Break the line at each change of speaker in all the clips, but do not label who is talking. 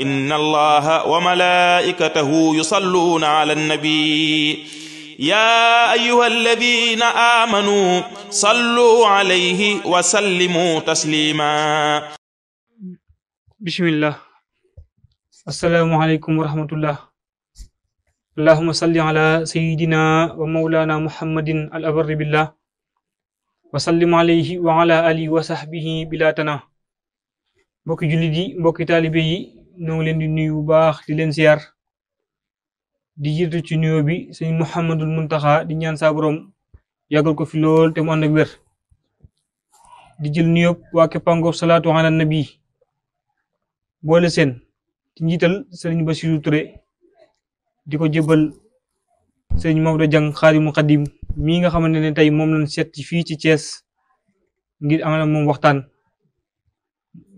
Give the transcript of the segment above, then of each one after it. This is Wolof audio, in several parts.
إن الله وملائكته يصلون على النبي يا أيها الذين آمنوا صلوا عليه وسلموا تسليما
بسم الله السلام عليكم ورحمة الله اللهم صل على سيدنا ومولانا محمد الأبر بالله وسلم عليه وعلى آله وصحبه بلا تنا بوكي جلدي بوكي طالبي noo len di nuyu bu di leen ziar di jiitu ci nuyo bi sëñ Muhammadul Muntaha di ñaan sa borom yagal ko fi lool te mu ànd ak wér di jël nuyoo waa Kepango salatu ala nabi boole seen ci njiital sëriñ Bassirou Touré di ko jëbal sëriñ Maodo Jang Xaadimu Xadim mi nga xamante ne tey moom lañ seet fii ci Thiès ngir amal moom waxtaan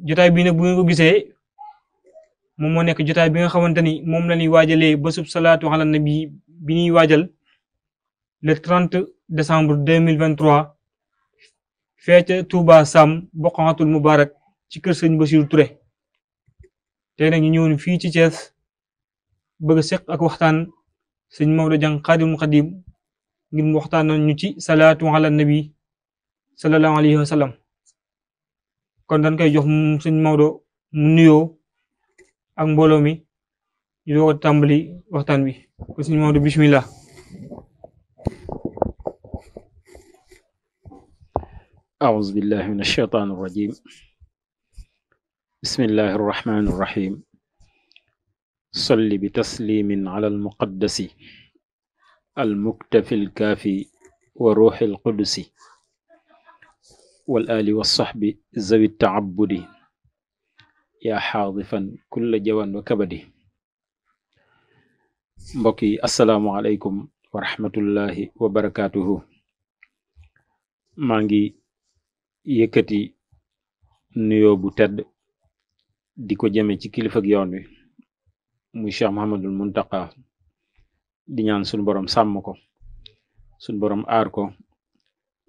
jotaay bi nag bu ngeen ko gisee. moom moo nekk jotaay bi nga xamante ni moom la ñuy waajalee bésub salaatu ala nabi bi ñuy waajal le 30 décembre 2023 fee ca Touba Sam Boqatul Moubarak ci kër sëñ Basiru Touré tey nag ñu ñëwoon fii ci Thiès bëgg seq ak waxtaan sëñ Maodo Dieng Xaadimul Xaadim ngir mu waxtaanoon ñu ci salaatu ala nabi sallallahu alayhi wa kon dañ koy jox sëñ Maodo mu nuyoo. ak mbooloo mi ñu doog a tàmbali waxtaan bi ko suñu Maodo bismillah
أعوذ بالله من الشيطان الرجيم بسم الله الرحمن الرحيم صل بتسليم على المقدس المكتفي الكافي وروح القدس والآل والصحب ذوي التعبد يا حاضفا كل جوان وكبدي بكي السلام عليكم ورحمة الله وبركاته مانجي يكتي نيو بوتد ديكو جامي تي كيلفا يوني مي شيخ محمد المنتقى دي نان سون بروم سامكو سون بروم اركو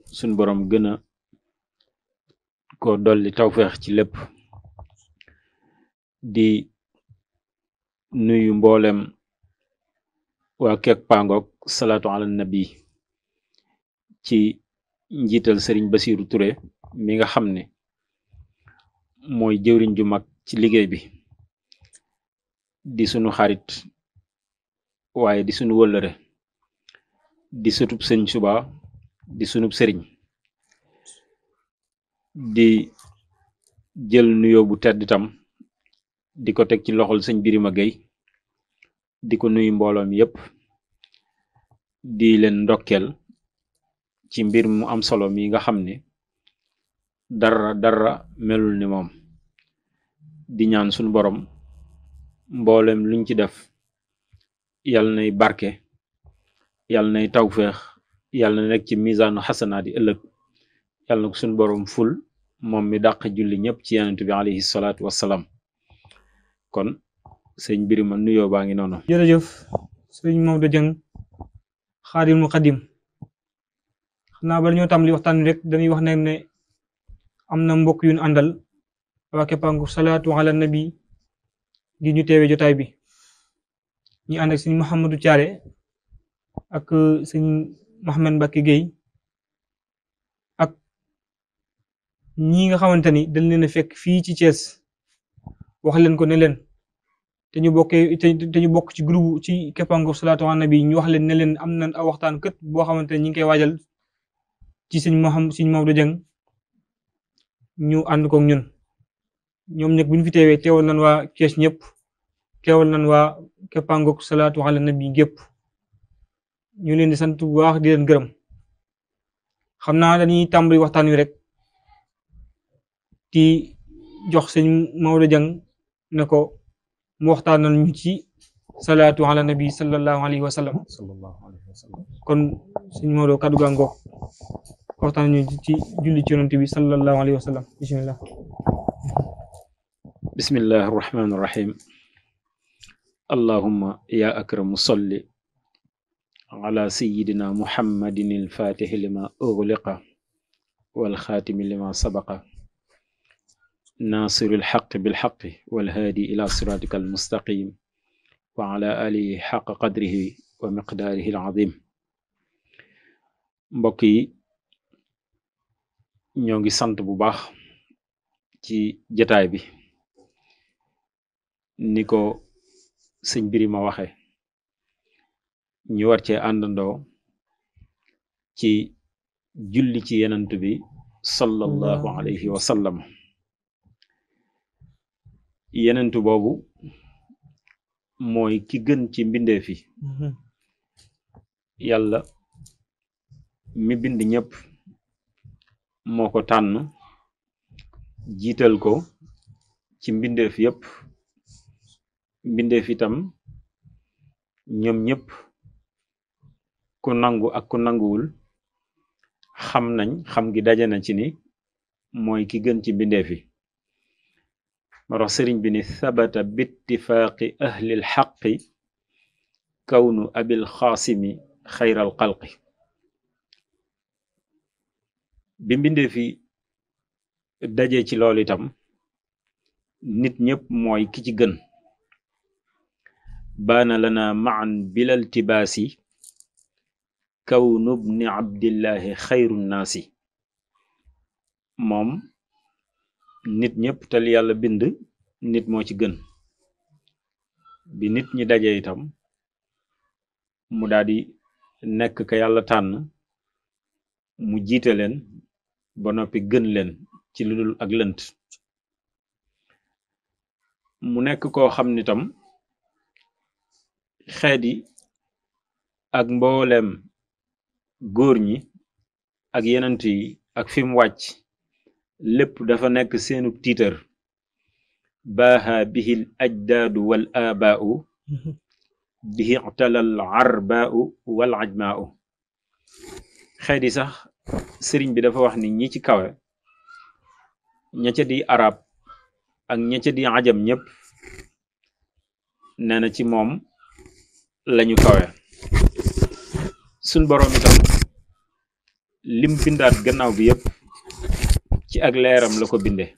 سون بروم گنا كو دولي توفيق تي لب di nuyu mboolem waa kekpangok salatu ala nabi ci njiital sëriñ basiru ture mi nga xam ne mooy jëwriñ ju mag ci liggéey bi di sunu xarit waaye di sunu wëllëre di sutub sëñ suba di sunub sëriñ di jël nuyoo bu tedd tam di ko teg ci loxol sëñ Birima Gueye di ko nuyu mbooloom mi yépp di leen ndokkeel ci mbir mu am solo mi nga xam ne dara dara melul ni moom di ñaan suñu borom mboolem luñ ci def yàlla nay barke yàlla nay tawféex yàlla nekk ci misaanu xasanaat yi ëllëg yàlla ko suñu borom ful moom mi daq julli ñëpp ci yonent bi alayhi salaatu wassalaam kon sëñ Birima nuyoo baa ngi noonu.
jërëjëf sëñ Maodo Dieng xaadimul xadim xanaa bala ñoo tàmbali waxtaan rek dañuy wax ne ne am na mbokk yu ñu àndal waa Képangu salaatu ala nabi di ñu teewee jotaay bi ñu ànd ak sëñ Mouhamadou caare ak euh, sëñ Mouhamed Mbacke Gueye ak ñi nga xamante ni dañ leen fekk fii ci Thiès. wax leen ko ne leen te ñu bokkee te ñu bokk ci groupe ci keppango salaatu ala nabi ñu wax leen ne leen am nañ a waxtaan kët boo xamante ne ñu ngi koy waajal ci sëñ Mouhamed sëñ Maodo Dieng ñu ànd koog ñun ñoom nag bu ñu fi teewee teewal nañ waa Kees ñëpp teewal nañ waa keppango salaatu ala nabi gépp ñu leen di sant bu baax di leen gërëm xam naa dañuy tàmbali waxtaan wi rek di jox sëñ Maodo Dieng نكو موختان نجي صلاة على النبي صلى الله عليه وسلم صلى الله عليه وسلم كن سنمورو كدو غانغو موختان نجي جولي تيرون تبي صلى الله عليه وسلم بسم الله
بسم الله الرحمن الرحيم اللهم يا أكرم صلي على سيدنا محمد الفاتح لما أغلق والخاتم لما سبق ناصر الحق بالحق والهادي إلى صراطك المستقيم وعلى آله حق قدره ومقداره العظيم mbokk yi ñoo ngi sant bu baax ci jataay bi ni ko sëñ Birima waxe ñu war cee àndandoo ci julli ci yenant bi sallallahu alayhi wa sallam yenentu boobu mooy ki gën ci mbindeef mm-hmm. yàlla mi bind ñëpp moo ko tànn jiital ko ci mbindeef yëpp mbindeef itam ñoom ñëpp ku nangu ak ku nanguwul xam nañ xam gi daje na ci ni mooy ki gën ci mbindeef yi مرة بن الثبت باتفاق أهل الحق كون أبي الخاسم خير القلق بن بين في داجي تي لولي نيب موي كيتي بان لنا معا بلا التباس كون ابن عبد الله خير الناس موم nit ñëpp te li yàlla bind nit moo ci gën bi nit ñi daje itam mu daal nekk ka yàlla tànn mu jiite leen ba noppi gën leen ci lu ak lënt mu nekk koo xam ni tam xeet yi ak mbooleem góor ñi ak yenent yi ak fi mu wàcc lépp dafa nekk seenu tiitar baaha bihil ajdaadu wal aabaau bihi talal arbaau wal ajmaau xeet yi sax sëriñ bi dafa wax ni ñi ci kawe ña ca di arab ak ña ca di ajam na ci moom lañu kawe suñ boroom itam lim bindaat gannaaw bi yépp ci ak leeram la ko binde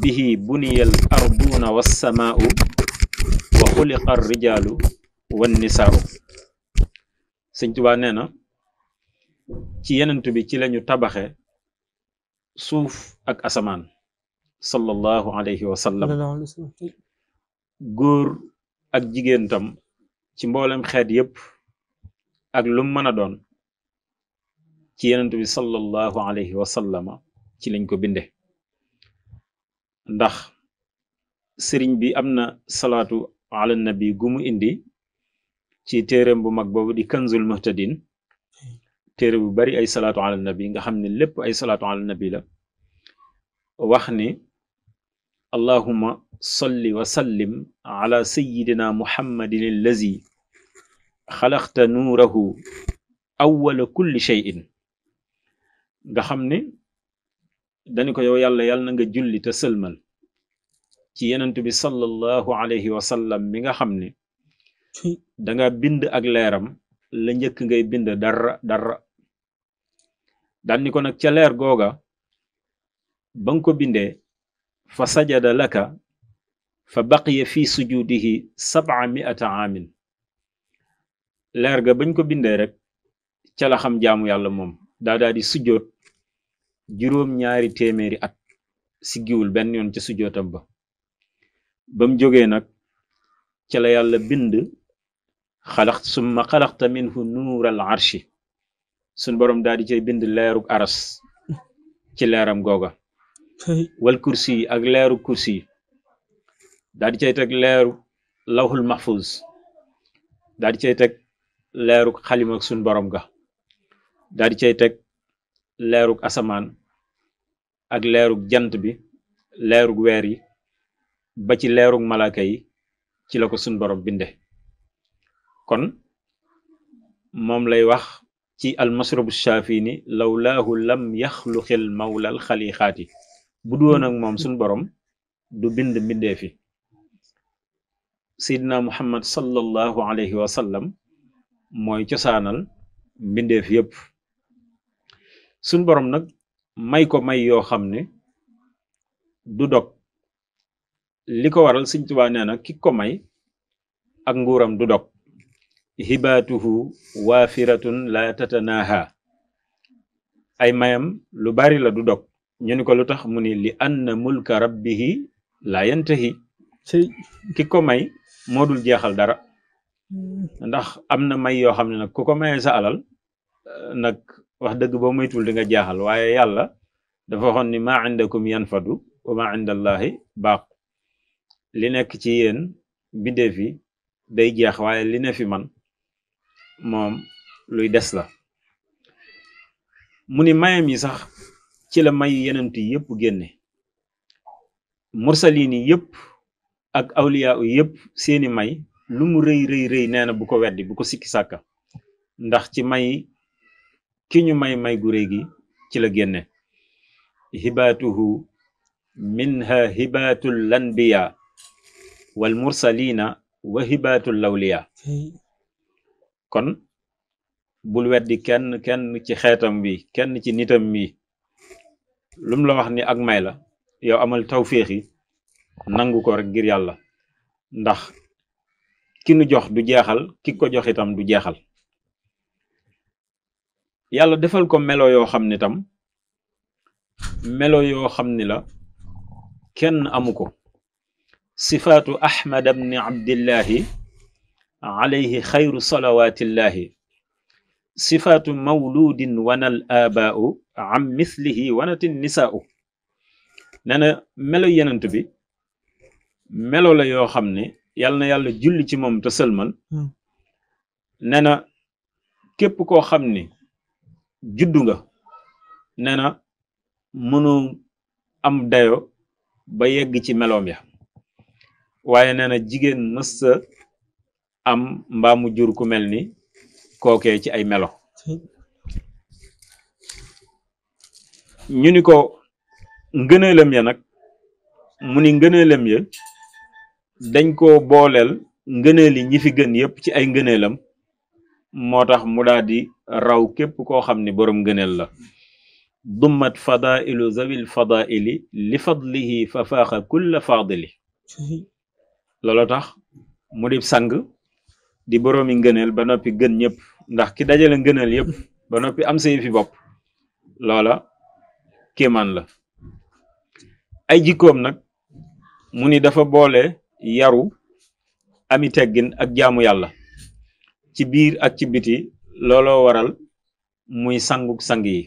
bihi buniyal arduuna wassamaa'u wa xuliqa arrijaalu wannisaa'u sëñ Tuubaa nee na ci yenent bi ci lañu tabaxe suuf ak asamaan sallallahu alayhi wa sallam góor ak jigéen tam ci mboolem xeet yépp ak lu mën a doon ci yenent bi sallallahu alayhi wa ci lañ ko binde ndax sëriñ bi amna salatu ala nabi gumu indi ci téréem bu mag bobu di kanzul muhtadin téré bu bari ay salatu ala nabi nga xamné lépp ay salatu ala nabi la wax ni allahuma salli wa sallim ala sayidina muhammadin allazi xalaqta nuurahu awwala kulli cheyin nga dañu ko yow yalla yalla nga julli te selmal ci yenent bi sallallahu alayhi wa sallam mi nga xamne da danga bind ak leram la njëkk ngay bind dara dara danni ko nak ci leer goga bang ko fa sajada laka fa baqiya fi sujudihi 700 amin. aamin leer ga bañ ko bindee rek ci la xam jaamu yalla mom da da di sujud juróom-ñaari téeméeri at siggiwul benn yoon ca sujjootam ba ba mu jógee nag cala yàlla bind xalax summa xalaxta minhu nuural arshi suñ borom daal di cay bind leerug aras ci leeram googa wal kursi yi ak leeru kursi yi daal teg leeru lawhul mahfuz dadi di teg leeru xalima sun borom ga daal di teg leerug asamaan ak leerug jant bi leerug weer yi ba ci leerug malaaka yi ci la ko sun borom binde kon moom lay wax ci almasrabu shafini lawlaahu lam yaxluqil mawlal xaliqaati bu duwoon ak moom sun borom du bind mbindee fi seydina muhammad sallallahu alayhi wa sallam mooy cosaanal mbindeef yépp suñ borom nag may ko may yoo xam ne du dog li ko waral Sëñ Tuubaa nee na ki ko may ak nguuram du dog hibaatuhu waafiratun la tatanaha ay mayam lu bari la du dog ñu ni ko lu tax mu ni li anna mulka rabbihi la yantahi ki ko may moo dul jeexal dara ndax am na may yoo xam ne nag koko ko mayee sa wax deug boo moytul di nga jaaxal waaye dafa xon ni ma indakum yanfadu wa maa indallahi baq li nek ci yeen bindéef yi day jeex waye li ne fi man mom luy dess la muni mayam yi sax ci la may yenenti yep yëpp mursalin yi ak awliya yi yëpp seeni may lu mu reey reey rëy bu ko weddi bu ko sikki saka ndax ci may ki ñu may may gu réy gi ci la génne hibaatuhu minha hibaatul lanbiya wal mursalina wa hibaatul lawliya kon bul weddi kenn kenn ci xeetam bi kenn ci nitam bi lum la wax ni ak may la yow amal tawféexi nangu ko rek ngir yàlla ndax ki nu jox du jeexal ki ko jox itam du jeexal yàlla defal ko melo yoo xam tam melo yoo xam ne la kenn amu ko ahmad bni abdillahi alayhi xayru salawaatillahi sifatu mawludin wana al aabaau am mislihi wanati nisaau nee na melo yenant bi melo la yoo xam ne yàlla na yàlla julli ci moom te sëlmal nee juddu nga nee na mënu am dayo ba yegg ci meloom ya waaye nee na jigéen mësta am mbaa jur ku mel ni kookee ci ay melo ñu ni ko ngëneelam ya nag mu ni ngëneelam ya dañ ko booleel ngëneeli ñi fi gën yépp ci ay ngëneelam motax mu daal raw kep ko xamni borom gëneel la dummat fadailu zawil fadaili li fadlihi fa faaxa kulla fadili loolu tax mu di sang di boroomi ngëneel ba nopi gën ñep ndax ki dajale ngëneel yep ba nopi am sa yëfi bopp loola keman la ay jikom nak muni dafa boole yaru ami teggin ak jaamu yàlla ci biir ak ci biti looloo waral muy sanguk sangi yi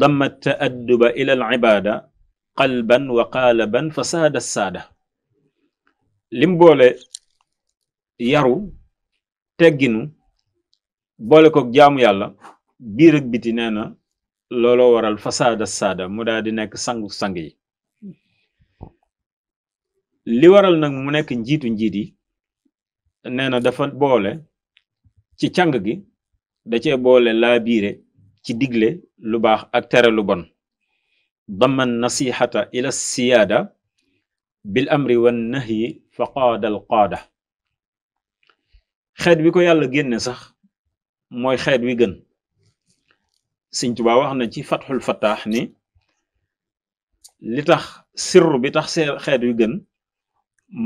damma taadduba ila al ibada qalban wa qalban fa saada saada lim boole yaru tegginu boole ko jaamu yàlla biir ak biti nee na looloo waral fasaada saada mu daal di nekk sangu sang yi li waral nag mu nekk njiitu njiit nee na dafa boole ci càng gi da cee boole laabiire ci digle lu baax ak tere lu bon daman nasihata ila siyaada bil amri wan nahyi fa qaada al qaada xeet wi ko yàlla génne sax mooy xeet wi gën Sëñ Tuubaa wax na ci fatxul fataax ni li tax sirru bi tax see xeet wi gën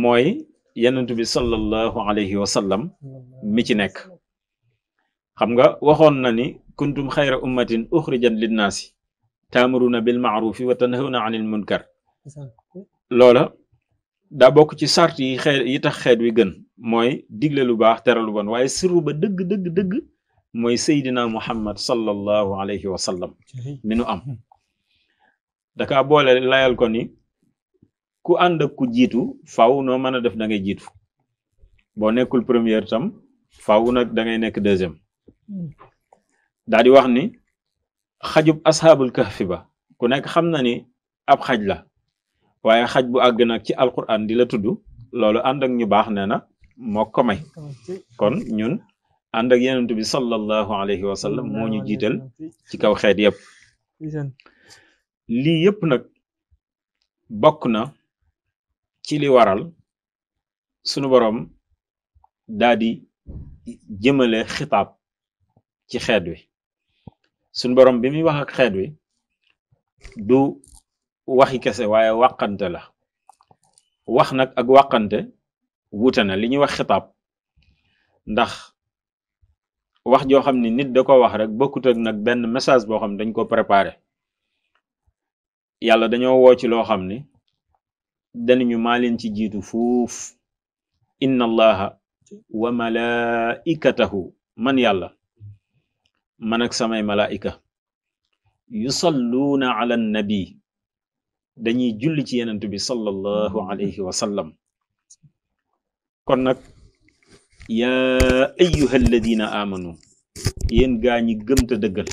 mooy yonent bi sallallahu alayhi wa sallam mi ci nek xam nga waxon na ni kuntum khayra ummatin ukhrijat lin nas tamuruna bil ma'ruf wa tanhawna anil munkar lola da bok ci sart yi xel yi tax xet wi gën moy digle lu bax tere lu bon waye sirru ba deug deug deug moy sayyidina muhammad sallallahu alayhi wa sallam minu am da ka bolé layal ko ni ku ànd ak ku jiitu faw noo mën a def da ngay jiitu boo nekkul première tam faw nag da nekk deuxième daal di wax ni xajub asxaabul kahfi ba ku nekk xam na ni ab xaj la waaye xaj bu àgg nag ci alquran di la tudd loolu ànd ñu baax nee na moo ko may kon ñun ànd ak yenent bi sallallahu alayhi wa sallam moo ñu jiital ci kaw xeet yépp lii yépp nag bokk na ci li waral sunu boroom daadi jëmale xitaab ci xeet wi sunu boroom bi muy wax ak xeet wi du waxi kese waaye waqante la wax nag ak wàqante wuute na li ñuy wax xitaab ndax wax joo xam ne nit da ko wax rek bokkut ak nag benn message boo xam ne dañ ko préparer yàlla dañoo woo ci loo xam ni danañu maa leen ci jiitu foof inna allaha wa malaikatahu man yàlla manak samay malaika yusalluuna ala nabi dañuy julli ci yenent bi sallallahu alayhi wa sallam kon nag yaa ayuha alladina amanu yéen gaa ñi gëm te dëggal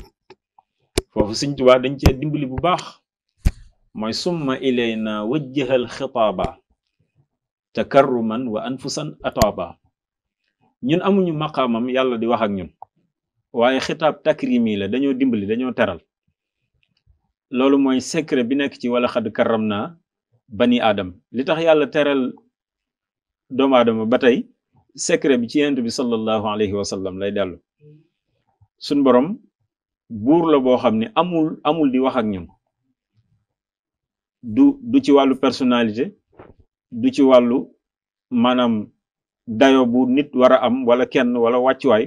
dañ cee dimbali bu baax mooy summa ilayna wajjahal xitaaba takarruman wa anfusan ataaba ñun amuñu maqaamam yàlla di wax ak ñun waaye xitaab takrimi la dañoo dimbali dañoo teral loolu mooy secret bi nekk ci wala xad karram bani adam li tax yàlla teral doomu adam batay tey secret bi ci yent bi sallallahu alayhi wa sallam lay dellu suñ borom buur la boo xam amul amul di wax ak ñun du du ci wàllu personnalité du ci wàllu maanaam dayo bu nit war a am wala kenn wala wàccuwaay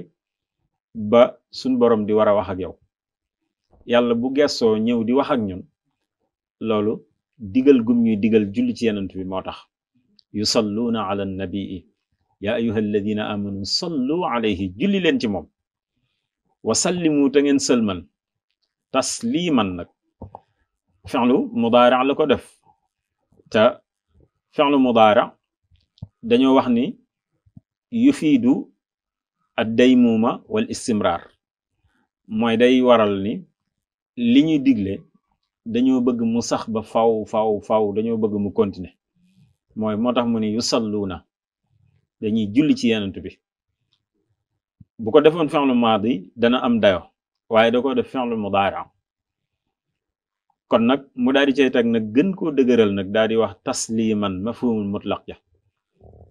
ba suñ borom di war a wax ak yow yàlla bu gessoo ñëw di wax ak ñun loolu digal gum ñuy digal julli ci yenant bi moo tax yu yusalluuna ala nabi ya ayuha alladina amanu sallu alayhi julli leen ci moom wa sallimu te ngeen sëlman tasliman nag fenlu mudaara la ko def te fenlu mudaara dañoo wax ni yufiidu ad daymuuma wal istimraar mooy day waral ni li ñuy digle dañoo bëgg mu sax ba faw faw faw dañoo bëgg mu continuer mooy moo tax mu ne yusalluuna dañuy julli ci yenant bi bu ko defoon fenlu maadi dana am dayo waaye da ko def fenlu mudaara kon nag mu daal di cay teg nag gën koo dëgëral nag daal di wax tasliman mafhumul mutlaq ja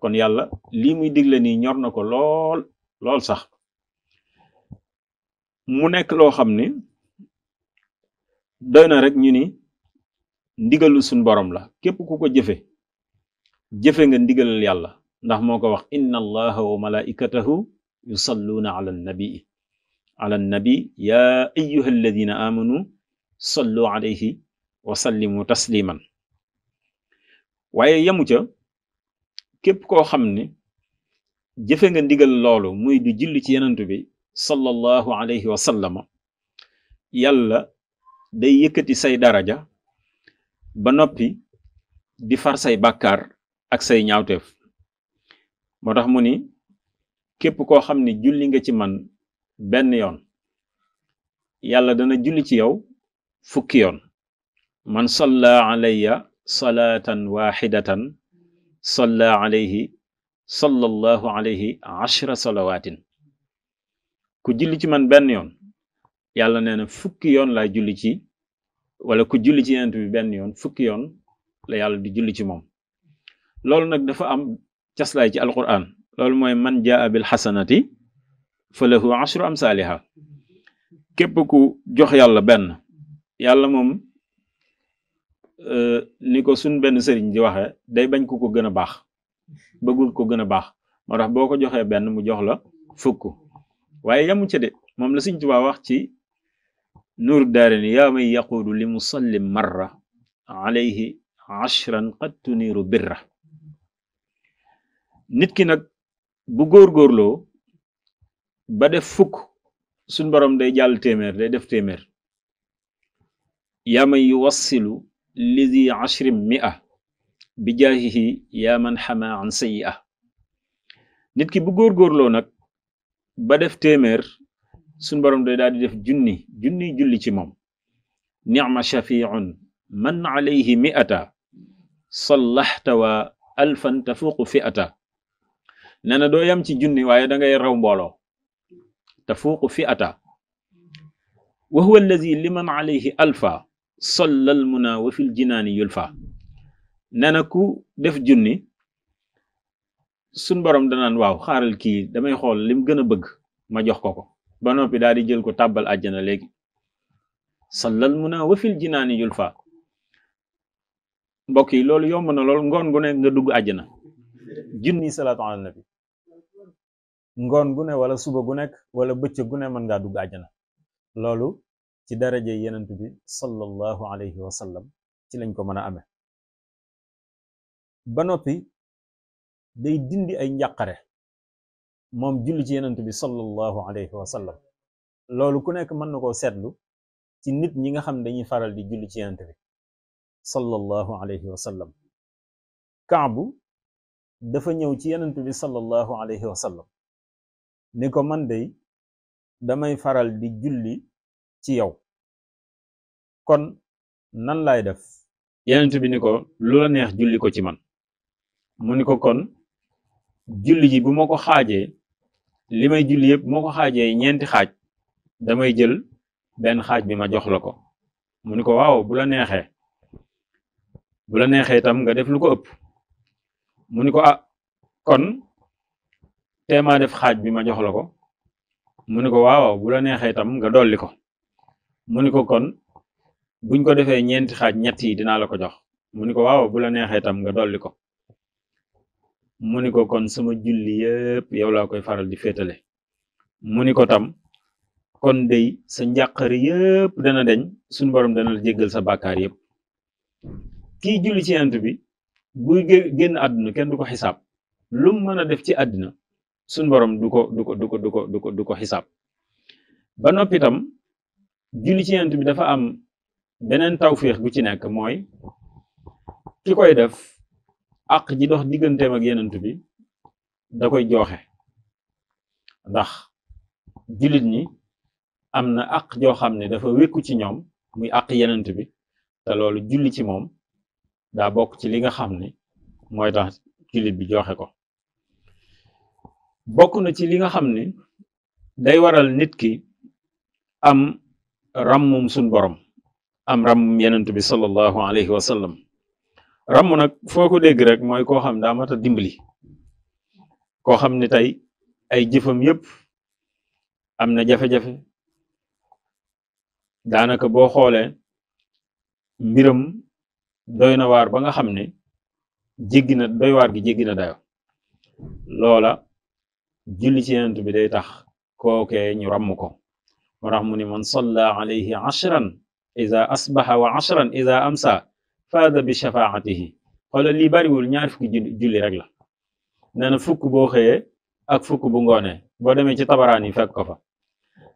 kon yàlla lii muy digle nii ñor na ko lool lool sax mu nekk loo xam ni doy na rek ñu ni ndigalu suñ borom la képp ku ko jëfe jëfe nga ndigalal yàlla ndax moo ko wax inna allaha wa malaikatahu yusalluuna ala nabii ala nabi yaa ayyuha alladina amanu sallu alayhi wa sallimu tasliman waaye yemu ca képp koo xam ni jëfe nga ndigal loolu muy di julli ci yenent bi sallallahu alayhi wa sallama yàlla day yëkkati say daraja ba noppi di far say bakkaar ak say ñaawteef moo tax mu ni képp koo xam ne julli nga ci man benn yoon yàlla dana julli ci yow fukki yoon man salla alayya salaatan waxidatan salla alayhi sallallahu alayhi ashra salawaatin ku julli ci man benn yoon yàlla nee na fukki yoon laa julli ci wala ku julli ci yonent bi benn yoon fukki yoon la yàlla di julli ci moom loolu nag dafa am caslaay ci alquran loolu mooy man jaa bil xasanati falahu ashru amsaaliha képp ku jox yàlla benn yàlla moom euh, ni ko suñ benn sëriñ di waxe day bañ ku ko gën a baax bëggul ko gën a baax moo tax boo ko joxee benn mu jox la fukk waaye yamu ca de moom la Sëriñ Tuubaa wax ci nuuru daarayni yaa may yaquulu li musallim marra alayhi ashran qad tuniiru birra nit ki nag bu góorgóorloo ba def fukk suñ borom day jàll téeméer day def téeméer yaa man yuwassilu lidi ashri mia bi jaahihi yaa man xama an sayia nit ki bu góorgóorloo nag ba def téeméer suñ borom day daal di def junni junni julli ci moom nicma shafiun man alayhi miata sallaxta wa alfan tafuuqu fiata nee na doo yam ci junni waaye da ngay raw mbooloo tafuuqu fiata wa huwa alladi liman alayhi alfa sollal muna wa fil yul fa nee na ku def junni suñ borom danaan waaw xaaral kii damay xool lim gën a bëgg ma jox ko ko ba noppi daal di jël ko tàbbal àjjana léegi sallal muna wa fil yul fa mbokk yi loolu yomb na lool ngoon gu ne nga dugg àjjana junni salaatu ala nabi ngoon gu ne wala suba gu nekk wala bëccëg gu ne mën ngaa dugg àjjana loolu ci daraje yenent bi sallallahu alayhi wa ci lañ ko mën a ame ba noppi day dindi ay njàqare moom julli ci yenent bi sallallahu alayhi wa sallam loolu ku nekk mën na koo seetlu ci nit ñi nga xam dañuy faral di julli ci yenent bi sallallahu alayhi wa kaabu dafa ñëw ci yenent bi sallallahu alayhi wa ni ko man day damay faral di julli ci yow kon nan laay def yenent bi ni ko lu la neex julli ko ci man mu ni ko kon julli ji bu ma ko xaajee li may julli yëpp moo ko xaajee ñeenti xaaj damay jël benn xaaj bi ma jox la ko mu ni ko waaw bu la neexee bu neexee itam nga def lu ko ëpp mu ni ko a ah, kon teemaa def xaaj bi ma jox la ko mu ni ko waaw bu la neexee itam nga dolli ko muniko kon buñ ko defé ñent xaj ñett yi dina la ko jox muniko ko waaw bu la nexé tam nga doli ko muniko kon sama julli yépp yow la koy faral di fétalé muniko ko tam kon dey sa ñakkar yépp dana deñ suñ borom dana la jéggal sa bakkar yépp ki julli ci yant bi bu génn aduna kenn duko hisab lu mu def ci aduna suñ borom duko duko duko duko duko ko ba nopi tam julli ci yonent bi dafa am beneen tawféex gu ci nekk mooy ki koy def àq ji dox digganteem ak yonent bi da koy joxe ndax jullit ñi am na àq joo xam ne dafa wékku ci ñoom muy àq yonent bi te loolu julli ci moom daa bokk ci li nga xam ni mooy tax jullit bi joxe ko bokk na ci li nga xam ne day waral nit ki am ràmmum suñ borom am ràmmum yenent bi sallallahu alayhi wa sallam ràmm nag foo ko dégg rek mooy koo xam daa mat a dimbali koo xam ne tey ay jëfam yépp am na jafe-jafe daanaka boo xoolee mbiram doy na waar ba nga xam ne jéggi doy waar gi jéggi na dayo loola julli ci yenent bi day tax kookee ñu ràmm ko ورغم من صلى عليه عشرا إذا أصبح وعشرا إذا أمسى فاز بشفاعته xoolal lii bariwul ñaar fukki julli rek la nee na fukk boo ak fukk bu ngoonee boo demee ci tabaraan yi fekk ko fa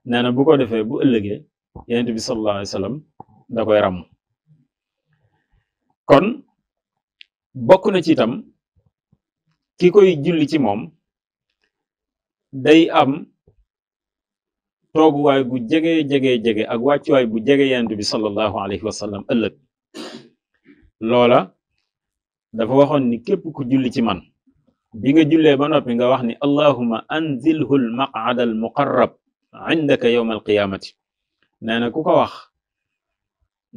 nee na bu ko defee bu ëllëgee yonent bi sallallahu alayhi wasallam da koy ràmm kon bokk na ci itam ki koy julli ci moom day am tooguwaay gu jege jege jege ak wàccuwaay bu jege yonent bi sallallahu alayhi wa sallam ëllëg loola dafa waxoon ni képp ku julli ci man bi nga jullee ba noppi nga wax ni allahuma anzilhu al maqada al muqarrab indaka yowma al qiyaamati nee na ku ko wax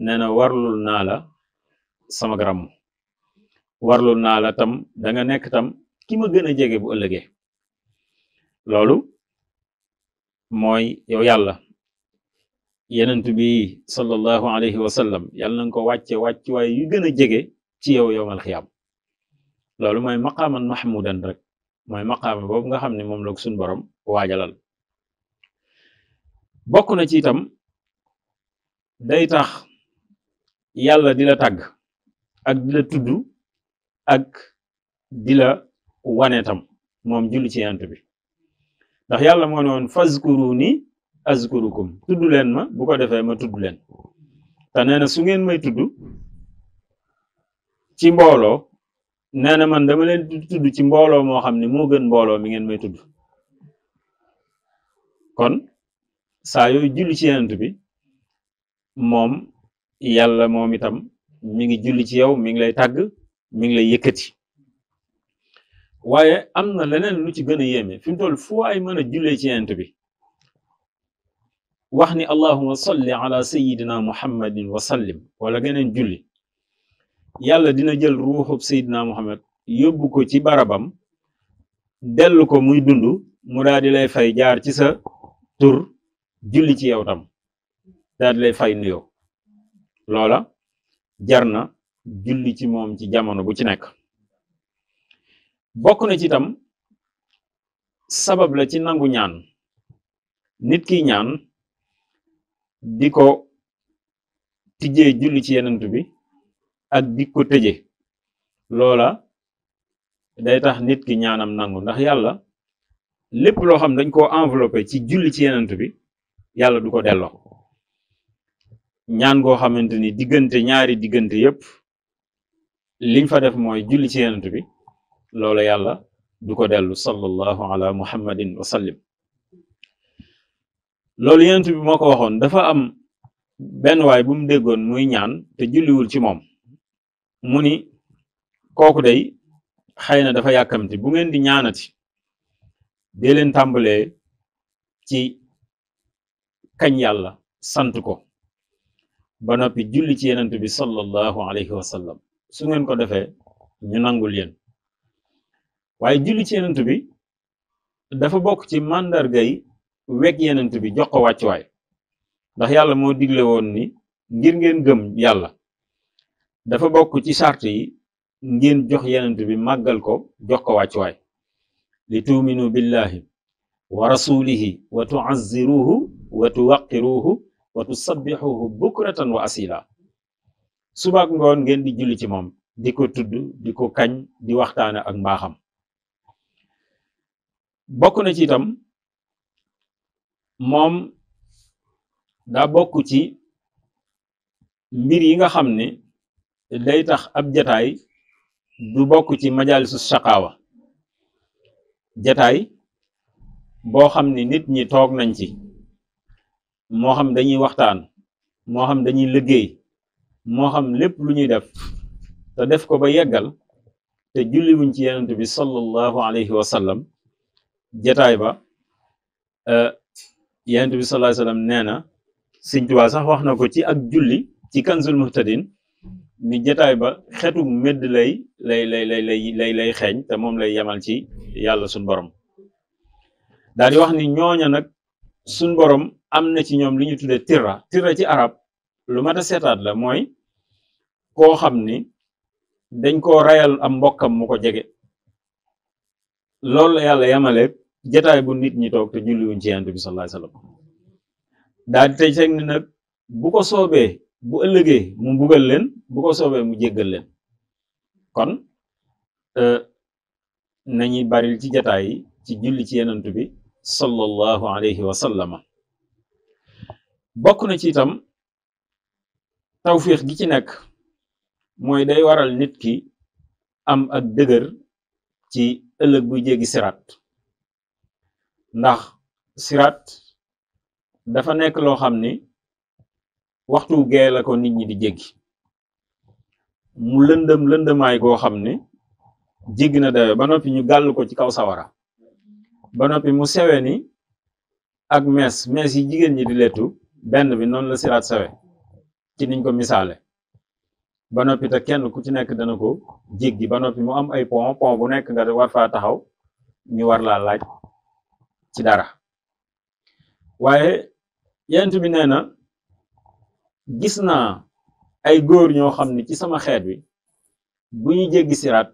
nee na warlul naa la sama garamu warlul naa la tam da nga nekk tam ki ma gën a jege bu ëllëgee loolu mooy yow yàlla yenent bi sallallahu alayhi wa sallam yàlla na nga ko wàcce wàccuwaay yu gën a jege ci yow yowmal xiyaam loolu mooy maqaaman mahmudan rek mooy maqaama boobu nga xam ne moom la ko suñ borom waajalal bokk na ci itam day tax yàlla di la tàgg ak la tudd ak di la wane tam moom julli ci yent bi ndax yàlla moo ne woon fazkuruni azkurukum tudd leen ma bu ko defee ma tudd leen te nee na su ngeen may tudd ci mbooloo nee na man dama leen tudd ci mbooloo moo xam ne moo gën mbooloo mi ngeen may tudd kon saa yooyu julli ci yenant bi moom yàlla moom itam mi ngi julli ci yow mi ngi lay tàgg mi ngi lay yëkkëti waye amna leneen lu ci gëna yéme fim fi toll fu ay mëna a ci yent bi wax ni allahumma salli ala sayyidina muhammadin wa sallim wala gënen julli yàlla dina jël ruuhu sayyidina muhammad yóbbu ko ci barabam delu ko muy dundu mu daal di lay fay jaar ci sa tur julli ci yow tam daal di lay fay nuyo lola jarna julli ci mom ci jamono bu ci nek bokk na ci itam sabab la ci nangu ñaan nit ki ñaan di ko tijjee julli ci yenent bi ak di ko tëje loola day tax nit ki ñaanam nangu ndax yàlla lépp loo xam dañ koo enveloppé ci julli ci yenent bi yàlla du ko delloo ñaan goo xamante ni diggante ñaari diggante yépp liñ fa def mooy julli ci yenent bi loolu yàlla du ko dellu sallallahu ala muhammadin wa sallim loolu yonent bi moo ko waxoon dafa am benn waay bu mu déggoon muy ñaan te julliwul ci moom mu ni kooku day xëy na dafa yàkkamti bu ngeen di ñaanati dee leen tàmbalee ci kañ yàlla sant ko ba noppi julli ci yonent bi sallallahu alayhi wa su ngeen ko defee ñu nangul yéen waye julli ci yenente bi dafa bok ci mandar gay wek yenente bi jox ko way ndax yalla mo digle won ni ngir ngeen gëm yalla dafa bok ci charte yi ngeen jox yenente bi magal ko jox ko way li tu'minu billahi wa rasulihi wa tuazziruhu wa tuwaqqiruhu wa tusabbihuhu bukratan wa asila subak ngon ngeen di julli ci mom di ko diko di ko di waxtana ak mbaxam bokk na ci itam moom daa bokk ci mbir yi nga xam ne day tax ab jataay du bokk ci majaalisu shaqaawa jataay boo xam ni nit ñi toog nañ ci moo xam dañuy waxtaan moo xam dañuy liggéey moo xam lépp lu ñuy def te def ko ba yeggal te wuñ ci yenent bi sallallahu alayhi wa jataay ba eh, yonent bi sallallahu nee na Sëñ sax wax na ko ci ak julli ci kanzul muhtadin ni jataay ba xeetu medd lay lay lay xeeñ te moom lay yemal ci yàlla suñ borom daal di wax ni ñooña nag suñ borom am na ci ñoom li ñu tuddee tira tira ci arab lu mat a seetaat la mooy koo xam ni dañ ko rayal am mbokkam mu ko jege loolu la yàlla yemaleeg jataay bu nit ñi toog te julliwuñ ci bi sallallahu alayhi wasallam daal di tey ko soobee bu ëllëgee mu leen bu ko soobee mu jéggal leen kon euh, nañuy baril ci jataay yi ci julli ci yonent bi sallallahu alayhi wasallama bokk na ci itam tawfiix gi ci nekk mooy day waral nit ki am ak dëgër ci ëllëg buy jéggi siraat ndax sirat dafa nek lo xamni waxtu geela la ko nit ñi di jéggi mu lëndëm lendemay go xamni na dawe ba nopi ñu gal ko ci kaw sawara ba nopi mu sewé ni ak mes mes yi jigen ñi di lettu ben bi non la sirat sawe ci niñ ko misaale ba nopi ta kenn ku ci nekk dana ko jéggi ba nopi mu am ay pont pont bu nek nga war faa taxaw ñu war la laaj ci dara waaye yant bi nee na gis naa ay góor ñoo xam ne ci sama xeet bi bu ñu jéggi siraat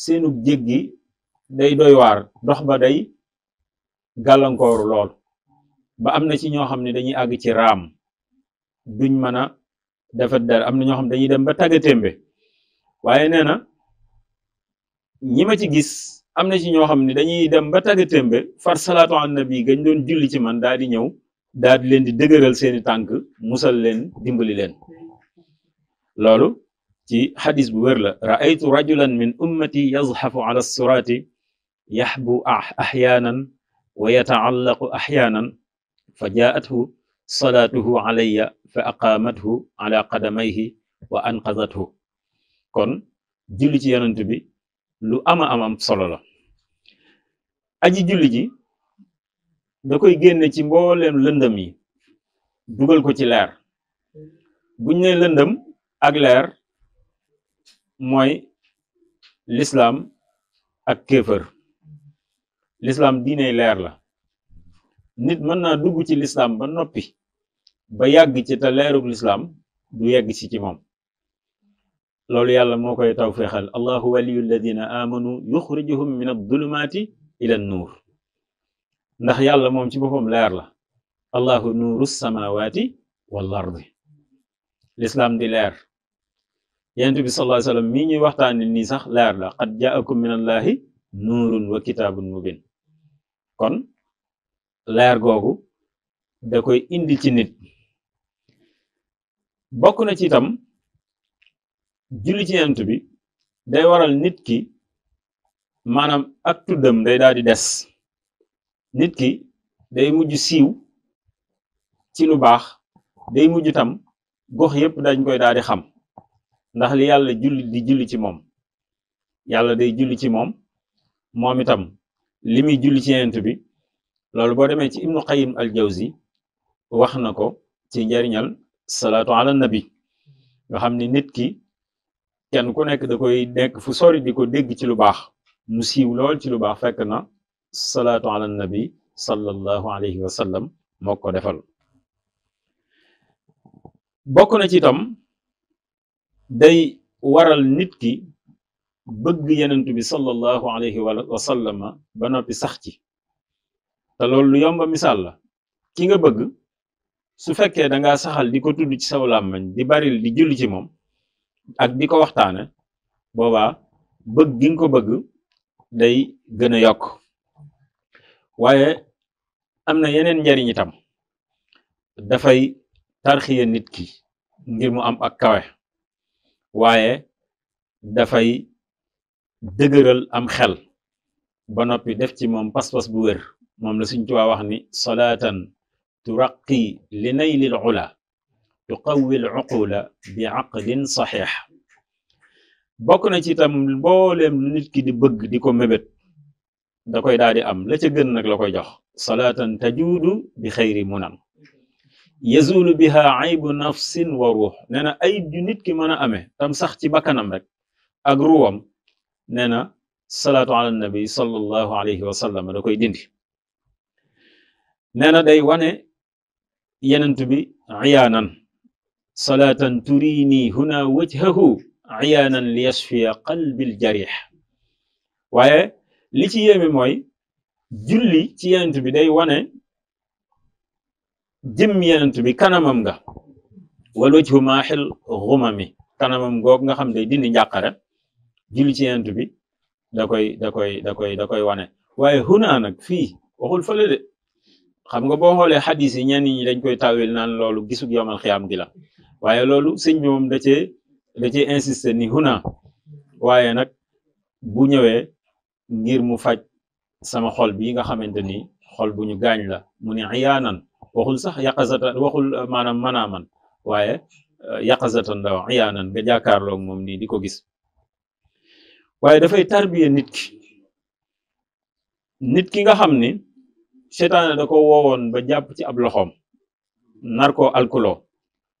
seenu jéggi day doy waar dox ba day gàllankooru lool ba am na ci ñoo xam ne dañuy àgg ci raam duñ mën a defar dara am na ñoo xam ne dañuy dem ba tàggatémbe waaye nee na ci gis amna ci ño xamni dañuy dem ba tagga témbe far salatu an nabi gën doon julli ci man daal di ñëw daal di leen di dëgeural seen tànk musal leen dimbali leen loolu ci hadith bu wér la raaytu rajulan min ummati yazhafu ala as siraati yahbu ahyanan wa yataallaqu ahyanan fa jaathu salaatuhu alayya fa aqaamathu ala qadamayhi wa anqazathu kon julli ci yonent bi lu ama amam solo la aji julli ji da koy génne ci mbooleem lëndëm yi dugal ko ci leer buñ ne lëndëm ak leer mooy lislaam ak kéefër lislaam diiney leer la nit mën naa dugg ci lislaam ba noppi ba yàgg ci te leeruk lislaam du yegg ci ci moom loolu yàlla moo koy tawféexal allahu waliyu alladina amanu yuxrijuhum min adulumaati ila nuur ndax yàlla moom ci boppam leer la allahu nuuru samawaati wal ardi lislaam di leer yonent bi sallallahu alayhi sallam mii ñuy waxtaane nii sax leer la qad jaakum min allahi nuurun wa kitaabun mubin kon leer googu da koy indi ci nit bokk na ci itam julli ci yonent bi day waral nit ki maanaam ak tuddam day daal di des nit ki day mujj siiw ci lu baax day mujj tam gox yépp dañ koy daal di xam ndax li yàlla julli di julli ci moom yàlla day julli ci moom moom itam li muy julli ci yonent bi loolu boo demee ci ibnu qayyim al jawzi wax na ko ci njariñal salaatu ala nga xam ni nit ki kenn ku nekk da koy nekk fu sori di ko dégg ci lu baax mu siiw lool ci lu baax fekk na salaatu ala nabi sallallahu alayhi wa moo ko defal bokk na ci itam day waral nit ki bëgg yenent bi sallallahu alayhi wa ba noppi sax ci te loolu lu yomba misaal la ki nga bëgg su fekkee da ngaa saxal di ko tudd ci saw làmmañ di baril di julli ci moom ak bi ko waxtaane boobaa bëgg gi ko bëgg day gën a yokk waaye am na yeneen njariñ itam dafay tarxiye nit ki ngir mu am ak kawe waaye dafay dëgëral am xel ba noppi def ci moom pas-pas bu wër moom la Sëriñ Tuubaa wax ni salaatan turaqi li naylil ula يقوي العقول بعقل صحيح bokk na ci itam mbooleem nit ki di bëgg di ko mébét da koy daal di am la ca gën nag la koy jox salaatan tajuudu bi xayri munan yazulu biha aybu nafsin wa ruux nee na ayib ju nit ki mën a amee tam sax ci bakkanam rek ak ruwam nee na salaatu ala nabi sallallahu alayhi wa sallam da koy dindi nee na day wane yenent bi iyaanan salaatan turini huna wajhahu ayaanan li yashfiya qalbil jarih waaye li ci yéeme mooy julli ci yenent bi day wane jëm yenent bi kanamam nga wal wajhu maaxil xumami kanamam goog nga xam day dindi njàqare julli ci yenent bi da koy da koy koy da wane waaye huna nag fii waxul fële xam nga boo xoolee xadis yi ñenn ñi dañ koy tawil naan loolu gisug yomal xiyaam gi la waaye loolu sëñ bi moom da cee da cee insister ni huna waaye nag bu ñëwee ngir mu faj sama xol bi nga xamante ni xol bu ñu gaañ la mu ne iyaanan waxul sax yaqazata waxul uh, maanaam manaaman waaye uh, yaqazatan la wax iyaanan nga jàkkaarloog moom nii di ko gis waaye dafay tarbiya nit ki nit ki nga xam ni seytaane da ko woowoon ba jàpp ci ab loxoom nar koo alkuloo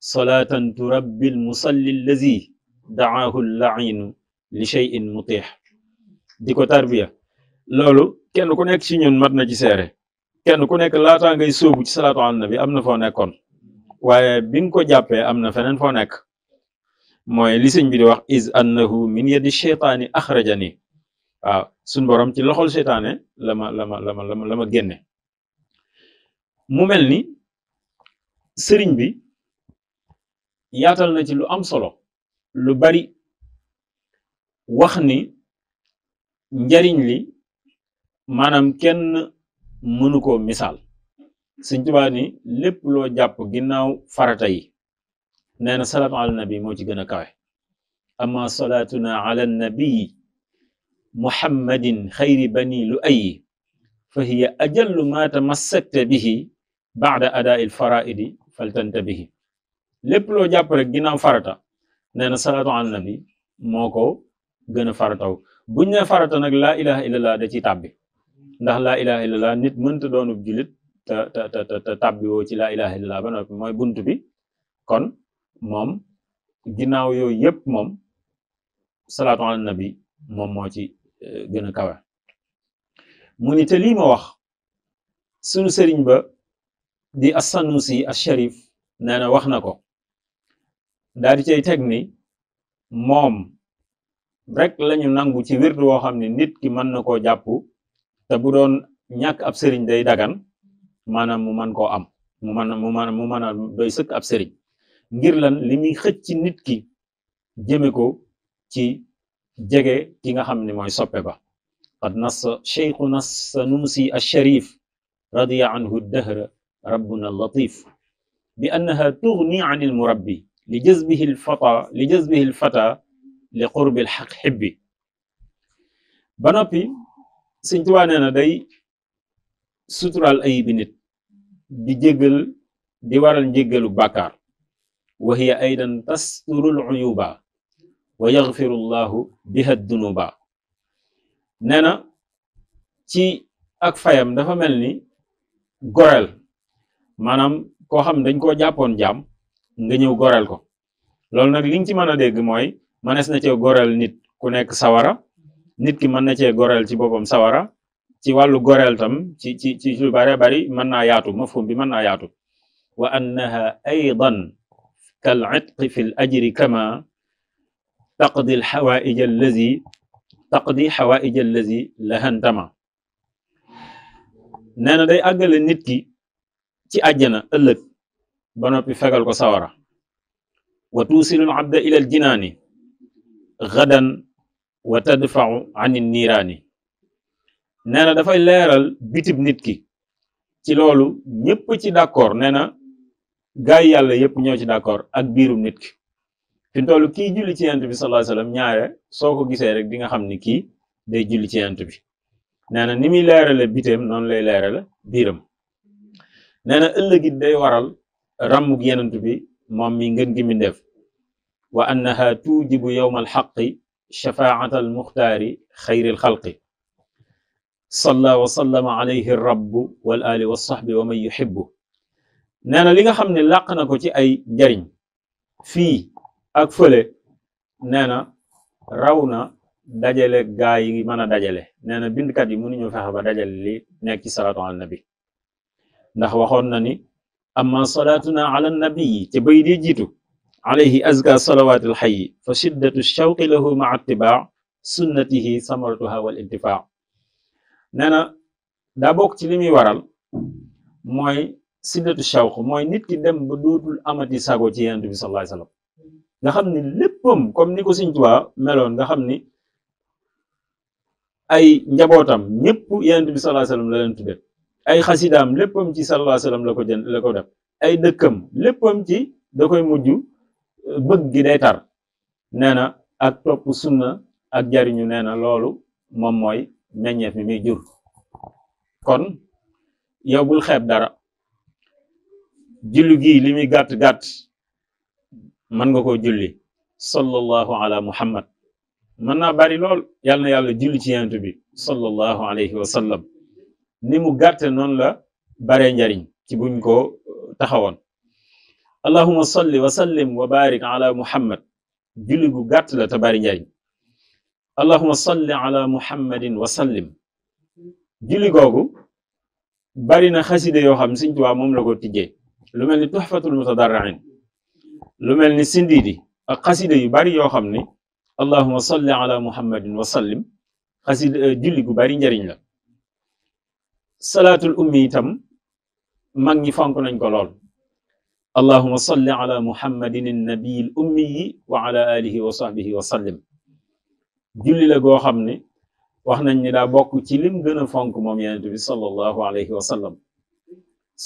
salaatan turabbil musalli allazi daahu lainu li cheyin mutiix di ko tarbiya loolu kenn ku nekk ci ñun mat na ci seere kenn ku nekk laataa ngay sóobu ci salaatu ala nabi am na foo nekkoon waaye bi nga ko jàppee am na feneen foo nekk mooy li sëñ bi di wax is annahu min yadi cheytaani axrajani waaw suñ borom ci loxol cheytaane la ma la ma la ma la ma génne mu mel ni sëriñ bi yaatal na ci lu am solo lu bari wax ni njariñ li maanaam kenn mënu koo misaal Sëriñ Tuubaa ni lépp loo jàpp ginnaaw farata yi neena na salaatu ala nabi moo ci gën a kawe amma salaatuna ala nabii muhammadin xayri bani lu ayi fa hiya ajallu ma tamassakta bihi baada adaa il faraidi faltantabihi lépp loo jàpp rek ginnaaw farata nee na salaatu ala nabi moo ko gën a farataw buñ ne farata nag laa ilaha illallah da ci tàbbi ndax laa ilaha illallah nit mënta doonub julit te te te te tàbbi woo ci laa ilaha illallah ba noppi mooy bunt bi kon moom ginnaaw yooyu yëpp moom salaatu ala nabi moom moo ci gën a kawe mu ni te lii ma wax sunu sëriñ ba di assanusi asharif nee na wax na ko daal di cay teg ni moom rek lañu nangu ci wird woo xam ne nit ki mën na koo jàpp te bu doon ñàkk ab sëriñ day dagan maanaam mu mën koo am mu mën mu mën mu mën a sëkk ab sëriñ ngir lan li muy xëcc ci nit ki jëme ko ci jege ki nga xam ne mooy soppe ba qad nas cheikhu nas sanuusi asharif radiya anhu dahra ربنا اللطيف بأنها تغني عن المربي لجذبه الفتى لجذبه الفتى لقرب الحق حبي بنابي سنتوانا ندي سترة أي بنت بجيجل ديوارا جيجل بكار وهي أيضا تستر العيوبا ويغفر الله بها الذنوب نانا تي أكفايم دفا ملني غويل manam ko xam dañ ko jàppoon jam nga ñëw goral ko loolu nak liñ ci mëna dégg moy manes na ci goral nit ku nekk sawara nit ki mën na cee goreel ci bopam sawara ci walu goral tam ci ci ci lu bare bari mën naa yaatu mafhum bi mën naa yaatu wa annaha aydan kal itqi fi l ajri kama taqdi al hawaij allazi taqdi hawaij allazi lahantama nee na day agale nit ki ci àjjana ëllëg ba noppi fegal ko sawara wa tuusilul abda ilal jinaani gadan wa tadfau anil niiraani nee na dafay leeral bitib nit ki ci loolu ñëpp ci d'accord nee na gaay yàlla yëpp ñoo ci d'accord ak biirum nit ki fi mu kii julli ci yant bi sallallahu ñaare soo ko gisee rek di nga xam ni kii day julli ci yant bi nee na ni muy leerale biteem noonu lay leerale biiram nee na ëllëg day waral ràmmug yenant bi moom mi ngën gi mindeef wa annaha tuujibu yowma alxaqi shafaata almuxtaari xayri alxalqi salla wa sallama alayhi rabbu wal ali wa saxbi wa man yuxibbu nee na li nga xam ne làq na ko ci ay njariñ fii ak fële nee na raw na dajale gaa yi mën a dajale nee na bindkat yi mënuñu fexe ba dajale li nekk ci salaatu ala nabi ndax waxon na ni amma salatuna ala nabi te bay dee jiitu alayhi azka salawatul hayy fa shiddatu shawqi lahu maa ittibaa sunnatihi samaratuha wal intifa' nana da bok ci limi waral moy siddatu shawq moy nit ki dem ba dudul amati sago ci yonent bi sallallahu alayhi wasallam nga xamni léppam comme ni ko Sëñ Tuubaa nga xamni ay njabotam ñëpp yonent bi sallallahu alayhi wasallam la leen tuddee ay xasidaam léppam ci sallallahu alayhi wa sallam la ko jënd la ko def ay dëkkam léppam ci da koy mujj euh, bëgg gi day tar nee na ak topp sunna ak jariñu nee na loolu moom mooy meññeef mi muy jur kon yow bul xeeb dara julli gii li muy gàtt-gàtt mën nga ko julli sallallahu ala muhammad mën naa bari lool yàlla na yàlla julli ci yent bi sallallahu alayhi wa sallam ni mu gàtte non la bare njariñ ci buñ ko taxawon allahumma salli wa sallim wa barik ala muhammad julli gu gatte la ta bare njariñ allahumma salli ala muhammadin wa sallim julli gogu bari na khaside yo xam Sëñ Tuubaa mom la ko tijjee lu melni tuhfatul mutadarrin lu melni sindidi ak khaside yu bari yo xamni allahumma salli ala muhammadin wa sallim khaside julli gu bari njariñ la salaatul ummi itam mag ñi fonk nañ ko lool allahuma salli ala muhammadin annabiyi l ummiyi wa ala alihi wa sahbihi wa sallim julli la goo xam ne wax nañ ni daa bokk ci lim gën a fonk moom yonent bi sallallahu alayhi wa sallam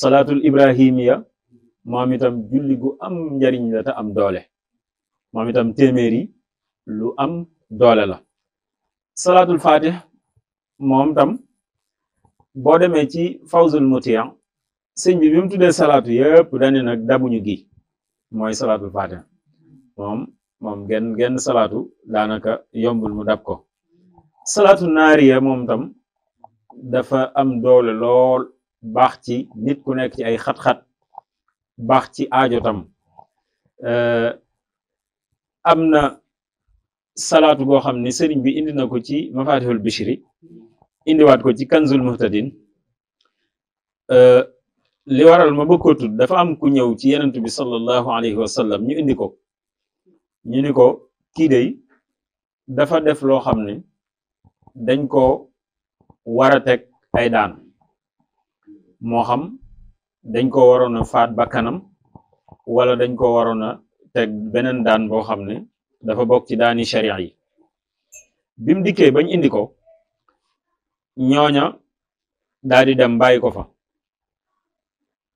salaatul ibrahimiya moom itam julli gu am njariñ la te am doole moom itam téeméeri lu am doole la salaatul fatih moom tam boo demee ci fawzul mutiyan ah, sëñ bi bi mu tuddee salaatu yëpp dane nag dabuñu gi mooy salaatul faatiha moom moom gen genn salaatu daanaka yombul mu dab ko salaatu naariya moom tam dafa am doole lool baax ci nit ku nekk ci ay xat-xat baax ci aajo tam euh, am na salaatu goo xam ni sëriñ bi indi na ko ci mafaatihul bishri indiwaat ko ci kanzul muhtadin euh, li waral ma bëgg koo dafa am ku ñëw ci yenent bi sallallahu alayhi wa sallam ñu indi ko ñu ni ko kii day dafa def loo xam ne dañ ko war a teg ay daan moo xam dañ ko waroon a faat bakkanam wala dañ ko waroon a teg beneen daan boo xam ne dafa bokk ci daani sharia yi bim dikkee bañ indi ko ñooña daal di dem bàyyi ko fa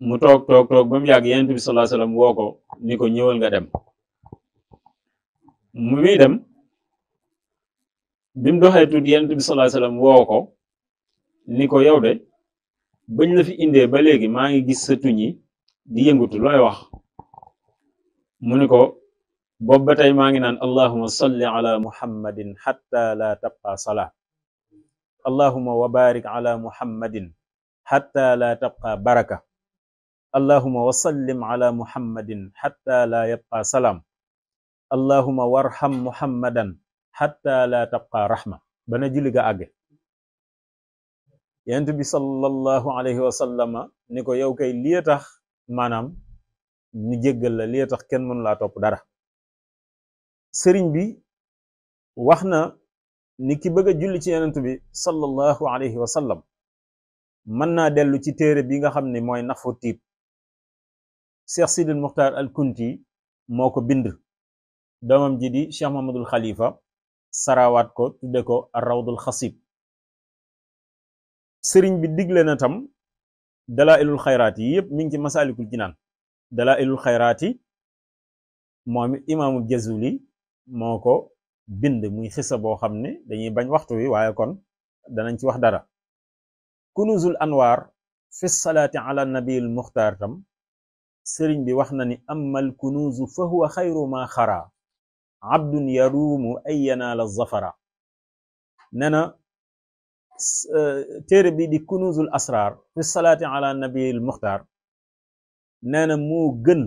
mu toog toog toog ba mu yàgg yonent bi sallallahu alayhi woo ko ni ko ñëwal nga dem mu muy dem bi mu doxee tuuti yonent bi sallallahu alayhi woo ko ni ko yow de bañ la fi indee ba léegi maa ngi gis sa yi di yëngutu looy wax mu ni ko boobu ba tey maa ngi naan allahumma salli ala muhammadin hatta la tabqa sala اللهم وبارك على محمد حتى لا تبقى بركة اللهم وسلم على محمد حتى لا يبقى سلام اللهم وارحم محمدا حتى لا تبقى رحمة بنا julli ga àgge yonent bi sallallahu alayhi wa sallama ni ko yow kay li tax maanaam ñu jéggal la li tax kenn mënu laa topp dara sëriñ bi wax niki ki bëgg a julli ci yonent bi sallallahu alayhi wa sallam mën naa dellu ci téere bi nga xam ne mooy nafu tiib cheikh sidil muxtaar al kunti moko ko bind doomam ji di cheikh mahamadul xalifa sarawaat ko tudde ko rawdul xasib sëriñ bi digle na tam dalaailul xayraat yëpp mi ngi ci masaalikul jinaan dalaailul xayraat yi moom jazuli moko bind muy xisa boo xam ne dañuy bañ waxtu wi waaye kon danañ ci wax dara kunuzul anwaar fi salaati ala nabil muxtaar tam sëriñ bi wax na ni amal fa huwa xayru ma xara abdun yaruumu ay yanaala zafara nee na bi di kunuzul asraar fi salaati ala nabil muxtaar nee na moo gën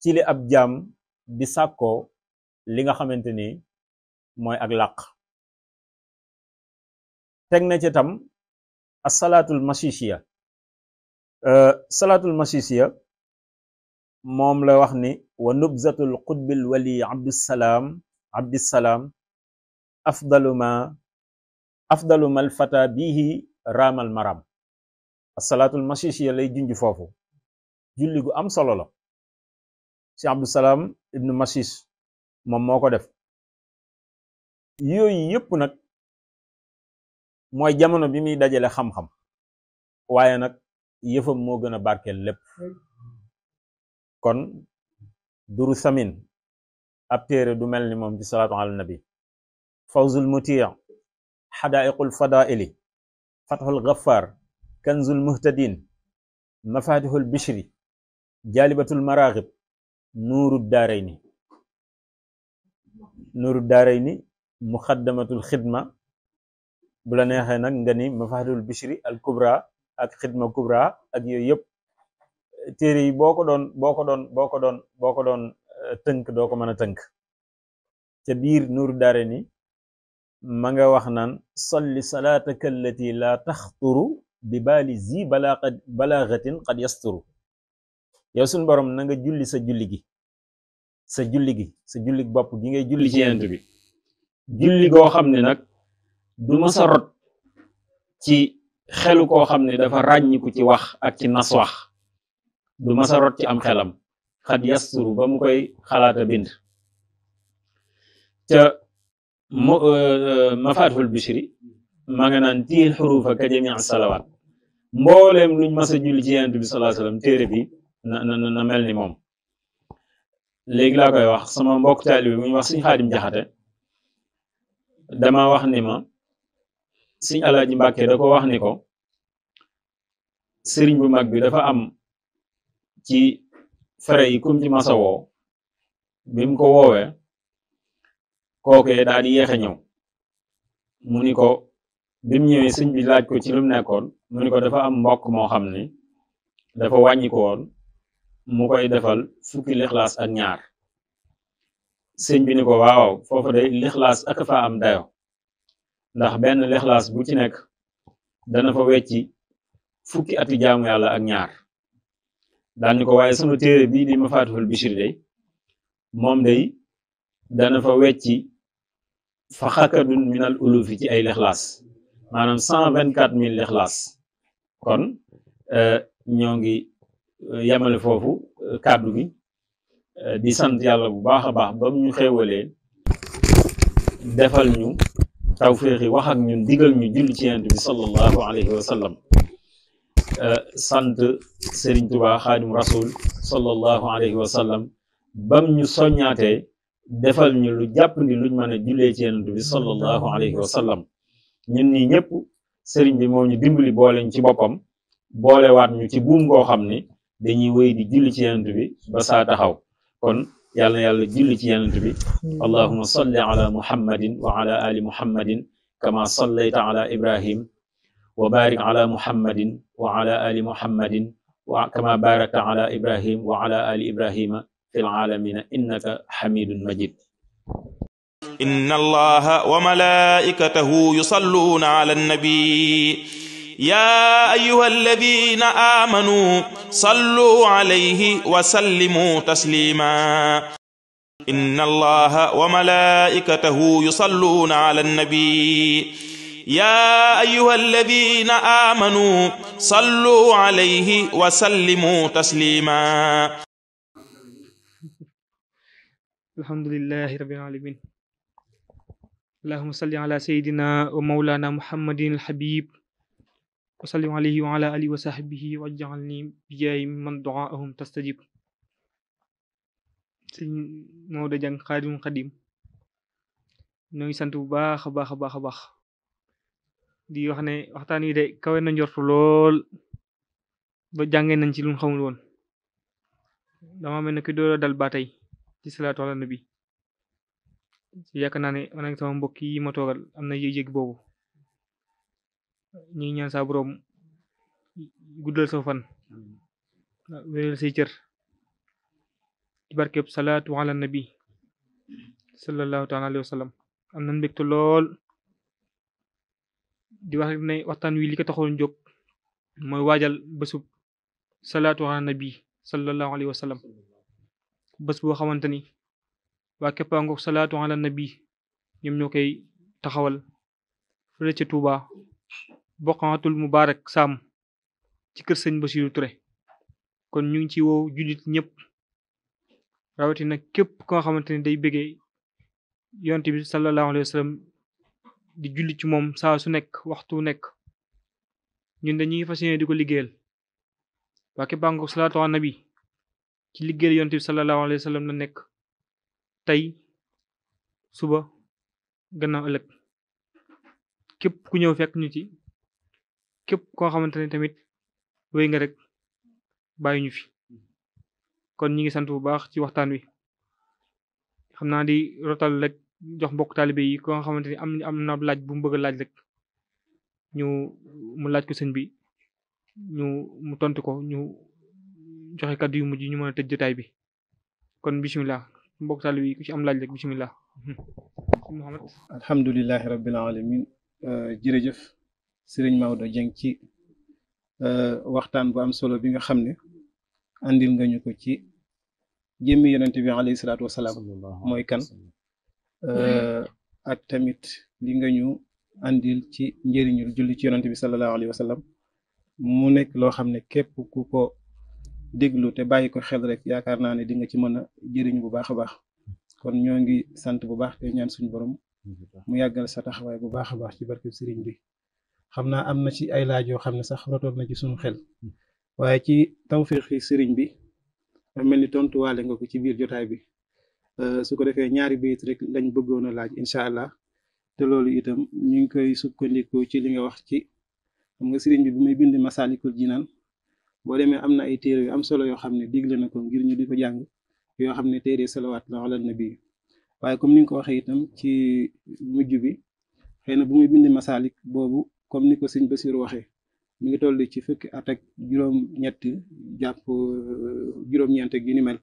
ci ab jaam bi sàkkoo li nga xamante ni mooy ak làq teg na ci tam asalaatul masishiya euh, salaatul masishiya moom la wax ni wa nubzatul qutbil wali abdusalaam abdusalaam afdalu ma afdalu ma alfata bihi raamal maram asalaatul masishiya lay junj foofu julli gu am solo la si abdusalaam ibnu masis moom ko def yooyu yëpp nag mooy jamono bi muy dajale xam-xam waaye nag yëfam moo gën a lépp kon duru samin ab téere du mel ni ci salaatu ala nabi fawzul mutiya xadaaiqul fadaili fathul ghaffar kanzul muhtadin mafatihul bishri jalibatul maraxib nuuru daarayni nuuru daarayni muxaddamatul xidma bu la neexee nag nga ni mafahdul bishri al kubra ak xidma kubra ak yooyu yëpp téere yi boo ko doon boo ko doon boo ko doon boo ko doon tënk doo ko mën a tënk ca biir nuuru daare ni ma nga wax naan salli salaataka allati la taxturu bi baali zi balaa balaagatin qad yasturu yow suñ borom na nga julli sa julli gi sa julli gi sa julli bopp gi ngay julli ci yent bi julli goo xam ne nag du masa rot ci xelu koo xam ne dafa ràññiku ci wax ak ci nas wax du masa rot ci am xelam xat yasturu ba mu koy xalaata bind ca mafatihul bichri ma nga naan tiil xurufa ka jami salawaat mbooleem luñ masa julli ci yonent bi sallallahu alayhi wasallam téere bi na na na mel ni moom léegi laa koy wax sama mbokk taalibe bi mu ñu wax suñ xaadim jaxate dama wax ni ma sëñ Alaaji Mbàkke da ko wax ni ko sëriñ bu mag bi dafa am ci fere yi kum ci masa woo bim mu ko woowee kookee daal di yéex a ñëw mu ni ko bi mu ñëwee sëñ bi laaj ko ci lu mu nekkoon mu ni ko dafa am mbokk moo xam ni dafa wàññi ko woon mu koy defal fukki lixlaas ak ñaar sëñ bi ni ko waaw foofu day lixlaas ak fa am dayo ndax benn lixlaas bu ci nekk dana fa wecci fukki ati jaamu yàlla ak ñaar daal ni ko waaye sunu téere bii di Mafatihul Bichri day moom day dana fa wecci fa xakkadun minal ulufi ci ay lixlaas maanaam cent vingt quatre mille lixlaas kon eh, ñoo ngi eh, yemale foofu eh, kàddu gi Euh, di sant yàlla bu baax a baax bam ñu xéewalee defal ñu tawféex yi wax ak ñun digal ñu julli ci yonent bi sallallahu alayhi wa sallam euh, sant sëriñ Tuubaa xaadim rasul sallallahu bam ñu soññaatee defal ñu lu jàpp ni luñ mën a jullee ci yonent bi sallallahu alayhi wa ñun ñii ñëpp sëriñ bi moom ñu dimbali boole ñu ci boppam boolewaat ñu ci buum goo xam ni dañuy wéy di julli ci yonent bi ba saa taxaw kon yàlla yàlla julli ci yonent bi allahumma salli ala muhammadin wa ala ali muhammadin kama sallaita ala ibrahim wa barik ala muhammadin wa ala ali muhammadin wa kama barakta ala ibrahim wa ala ali ibrahim fil alamin innaka hamidun majid إن الله وملائكته يصلون على النبي يا أيها الذين آمنوا صلوا
عليه وسلموا تسليما إن الله وملائكته يصلون على النبي يا
أيها الذين آمنوا صلوا عليه وسلموا
تسليما
الحمد لله رب العالمين اللهم صل على سيدنا ومولانا محمد الحبيب wasallim alayhi wa ala alihi wa sahbihi wajjalni bijaayi man duaahum tastajib sëñ Maodo Dieng xaadim xadim ñoo ngi sant bu baax a baax a baax a baax di wax ne waxtaan wi de kawe na njortu lool ba jàngee nañ ci lu xamul woon dama mel ne ki doora dal ba tey ci salaatu ala nabi yaakaar naa ne man ak sama mbokk yi ma toogal am na yëg boobu ñuy ñaan saa borom guddal sa fan wéral say cër ci barkeb salaatu ala nabi taala alayhi wa sallam am lool di wax ne waxtaan wi li ko taxoon moy mooy waajal bésub salaatu ala nabi sallallahu alayhi wa sallam bés boo xamante ni waa keppaangoog salaatu ala nabi ñoom ñoo koy taxawal fële boqantul mubarak sam ci kër sëñ Bassirou Touré kon ñu ngi ci wo julit ñep rawati na kep ko xamanteni day bëggé yonte bi sallallahu alayhi wasallam di julli ci mom saa su nek waxtu nek ñun dañuy fasiyé diko liggéel ko liggéeyal waa képp bàngoog nabi ci liggéel yonte bi sallallahu alayhi wasallam na nek tay suba gannaaw ëlëk képp ku ñëw fekk ñu ci képp koo xamante ne tamit wéy nga rek bàyyi ñu fi kon ñi ngi sant bu baax ci waxtaan wi xam naa di rotal rek jox mbokk taalibe yi ko xamante ni am am na laaj bu mu bëgg laaj rek ñu mu laaj ko sëñ bi ñu mu tontu ko ñu joxe kàddu yu mujj ñu mën a tëj jotaay bi kon bisimilah mbokk taalibe yi am laaj rek bisimilah.
Muhammad alhamdulilahi rabbil alamin euh, jërëjëf. sëriñ Maodo jeng ci euh, waxtan bu am solo bi nga xamne andil nga ñuko ko ci jëmmi yonent bi alayhi salatu wassalam moy kan euh, ak tamit li nga ñu andil ci njëriñul julli ci yonent bi sallallahu alayhi wasallam mu nek lo xamne képp ku ko déglu te bayiko xel rek yaakar naa ne di nga ci mëna a jëriñ bu baaxa baax kon ñoo ngi sante bu baax te ñaan suñu borom mu yagal sa taxaway bu baaxa baax ci barke bi xam naa am na ci ay laaj yoo xam ne sax rotoon na ci suñu xel waaye ci tawféexi sëriñ bi mel ni tontuwaale nga ko ci biir jotaay bi su ko defee ñaari bayit rek lañ bëggoon a laaj incha allah te loolu itam ñu ngi koy sukkandiku ci li nga wax ci xam nga sëriñ bi bu muy bind Masaalikul Jinaan boo demee am na ay téere yu am solo yoo xam ne digle na ko ngir ñu di ko jàng yoo xam ne téere salawaat la ala nabi waaye comme ni nga ko waxee itam ci mujj bi xëy na bu muy bind Masaalik boobu. comme ni ko sëñ Basir waxee mi ngi toll ci fukki at ak juróom-ñett jàpp euh, juróom-ñeent ak mel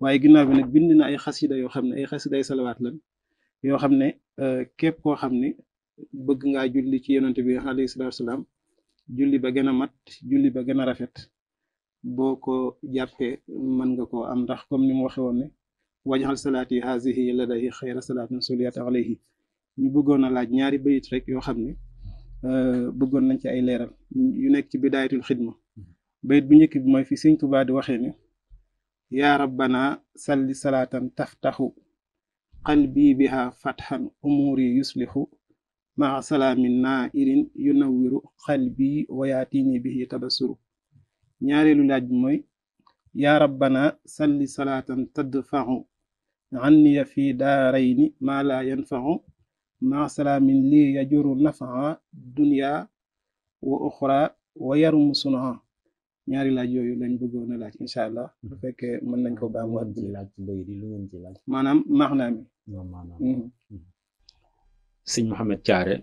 waaye ginnaaw bi nag bind na ay xasida yoo xam ne ay xasiday salawaat lan yoo xam ne euh, képp koo xam ne bëgg ngaa julli ci yonent bi alayhi salaatu julli ba gën a mat julli ba gën a rafet boo ko jàppee mën nga ko am ndax comme ni mu waxee woon ne wajxal salaati hazihi ladayi xayra salaatin soliyat alayhi ñu bëggoon a laaj ñaari bayit rek yoo xam ne Euh, bëggoon nañ ci ay leeral yu nekk ci bidaayatul xidma bayit bu njëkk bi mooy fi sëñ Tuubaa di waxee ne yaa rabbana salli salaatan taftaxu qalbi biha fatxan umuuri yuslixu maa salaamin naa irin yunawiru qalbi wayaatini bihi tabasuru ñaareelu laaj bi mooy yaa rabbana salli salaatan tadfaxu anniya fi daarayni maa laa yanfaxu مع سلام لي يجر نفعا دنيا واخرى ويرم صنعا ñaari laaj yooyu lañ bëggoon a laaj incha allah bu fekkee mën nañ ko baamu at maanaam maax naa mi
sëñ Mouhamed Thiaré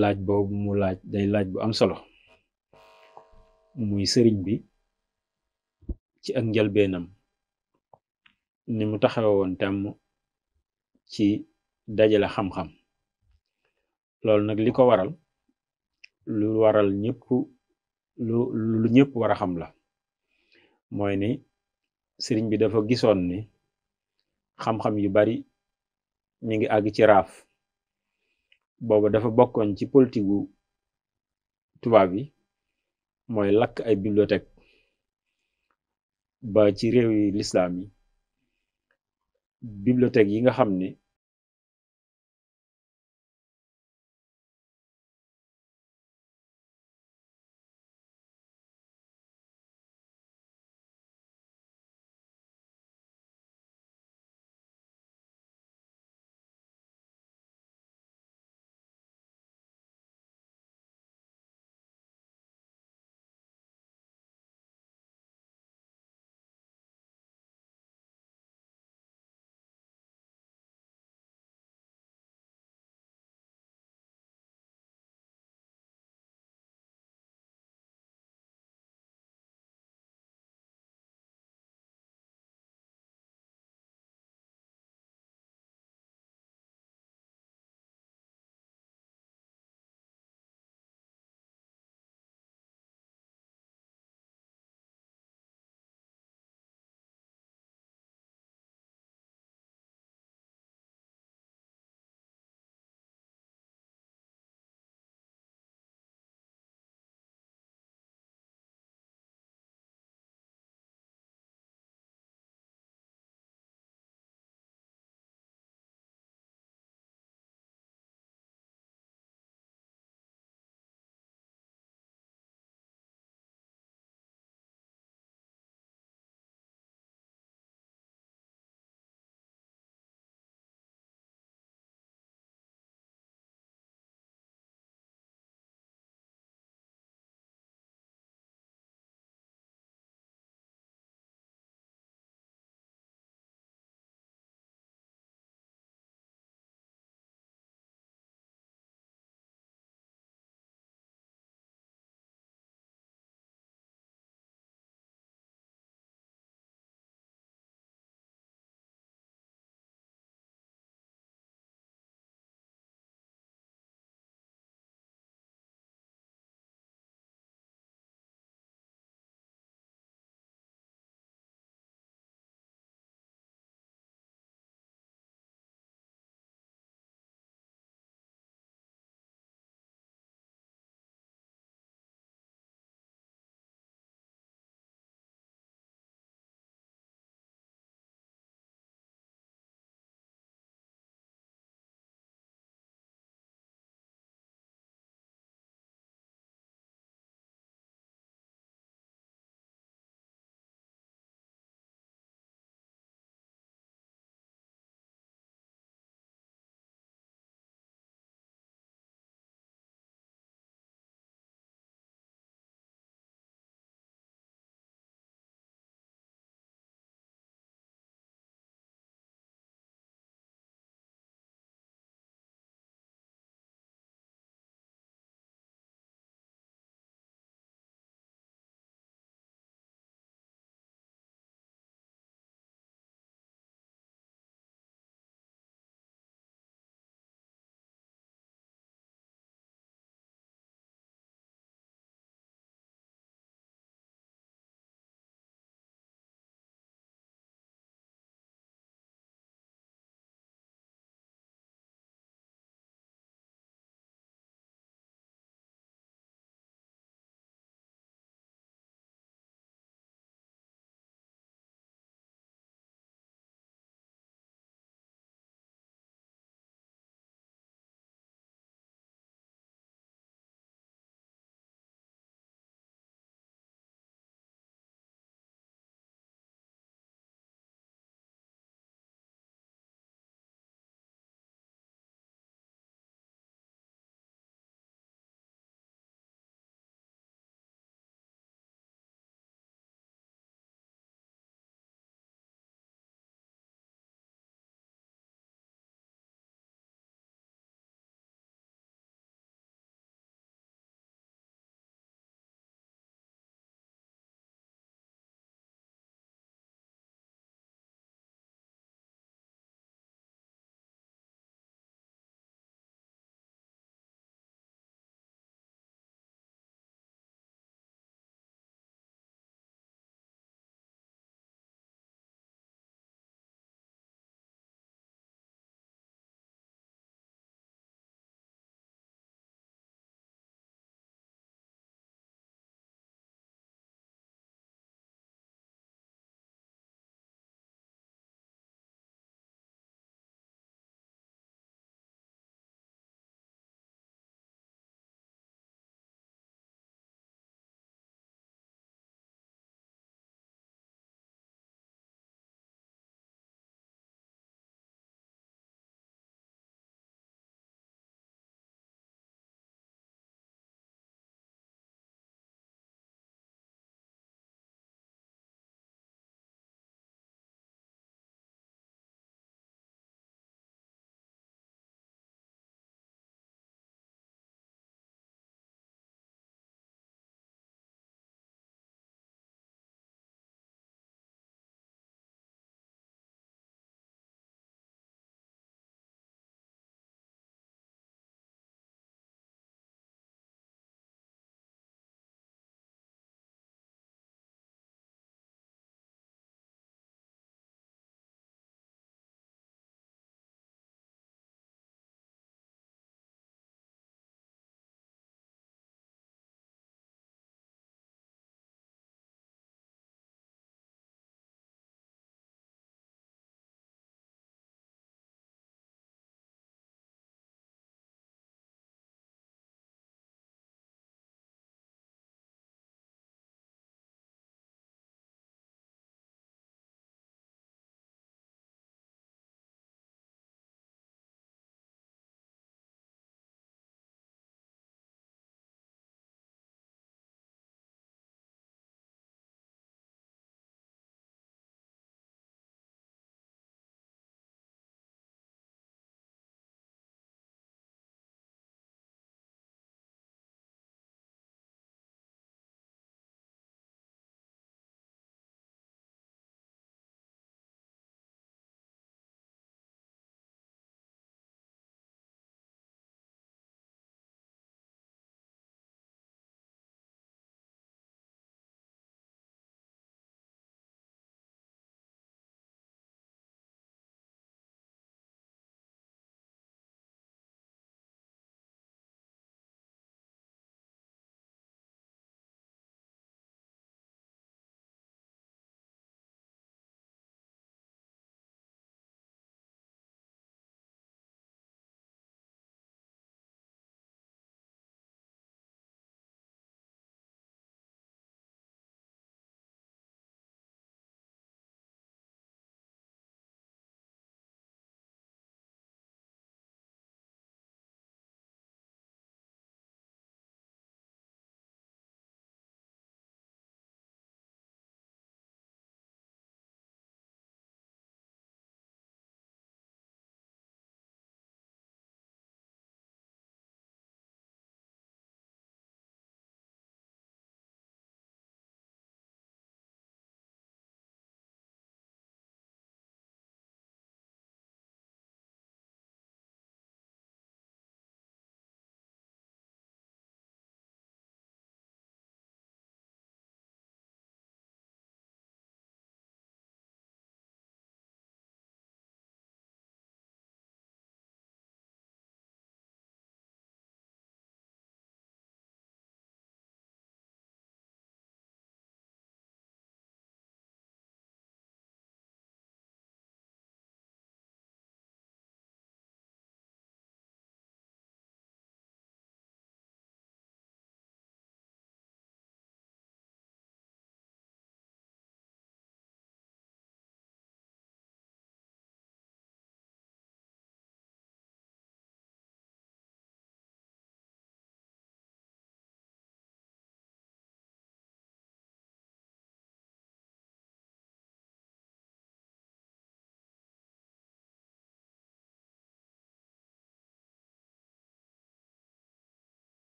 laaj boobu mu laaj day laaj bu am solo muy sëriñ bi ci ak njëlbeenam ni mu taxawoon tàmm ci dajale xam-xam loolu nag li ko waral lu waral ñëpp lu lu ñëpp war a xam la mooy ni sëriñ bi dafa gisoon ni xam-xam yu bari ñu ngi àgg ci raaf booba dafa bokkoon ci politique tubaab yi mooy lakk ay bibliothèque ba ci réew yi lislaam yi bibliothèque yi
nga xam ne